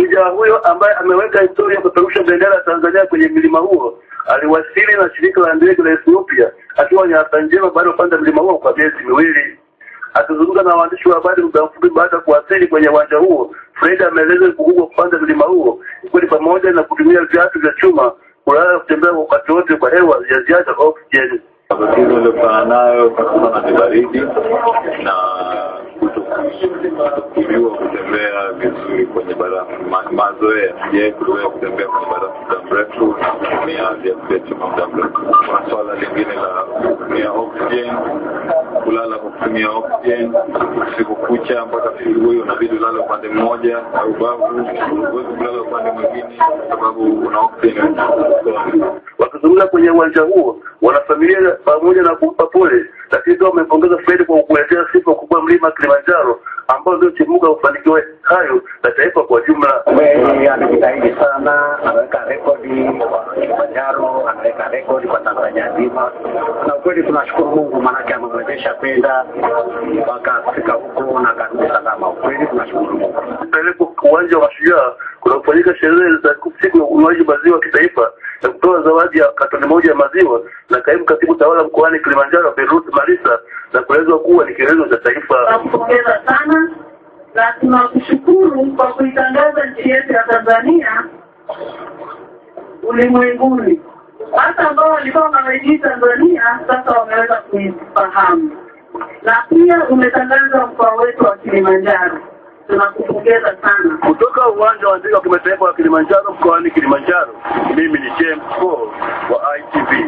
Shujaa huyo ambaye ameweka historia ya kupeperusha bendera ya Tanzania kwenye milima huo aliwasili na shirika la ndege la Ethiopia akiwa ni afya njema baada ya kupanda mlima huo kwa miezi miwili. Akizungumza na waandishi wa habari muda mfupi baada ya kuwasili kwenye uwanja huo, Fred ameeleza kugugwa kupanda mlima huo ikiwa ni pamoja na kutumia viatu vya chuma, kulala na kutembea kwa wakati wote kwa hewa ya ziada oksijeni. Matatizo aliyokutana nayo kutokana na baridi na kujua kutembea vizuri kwenye barafu, mazoea je, kuliwa kutembea kwenye barafu muda mrefu na kutumia viatu chuma muda mrefu. Kuna swala lingine la kutumia oxygen, kulala kwa kutumia oxygen siku kucha mpaka asubuhi, unabidi ulale upande mmoja au bavu, kulala upande mwingine kwa sababu una oxygen kuzurura kwenye uwanja huo, wanafamilia pamoja na kumpa pole, lakini pia wamepongeza Fred kwa kuletea sifa kubwa mlima Kilimanjaro ambao ndio chimbuka ufanikiwe hayo na taifa kwa jumla. Kweli amejitahidi sana, anaweka rekodi kwa Kilimanjaro, anaweka rekodi kwa Tanzania nzima, na ukweli tunashukuru Mungu maanake amewezesha kwenda mpaka Afrika huko na karudi salama. Ukweli tunashukuru Mungu. Pelekwa uwanja wa Mashujaa kunafanyika sherehe za siku ya unywaji maziwa kitaifa zawadi ya katoni moja ya maziwa na kaimu katibu tawala mkoani Kilimanjaro Berut Marisa na kuelezwa kuwa ni kielezo cha taifa. Tunakupongeza sana na tunakushukuru kwa kuitangaza nchi yetu ya Tanzania ulimwenguni. Hata ambao walikuwa wanaijui Tanzania sasa wameweza kuifahamu, na pia umetangaza mkoa wetu wa Kilimanjaro. Tunakupongeza sana. Kutoka uwanja wa ndege wa kimataifa wa Kilimanjaro mkoani Kilimanjaro, mimi ni James Paul wa ITV.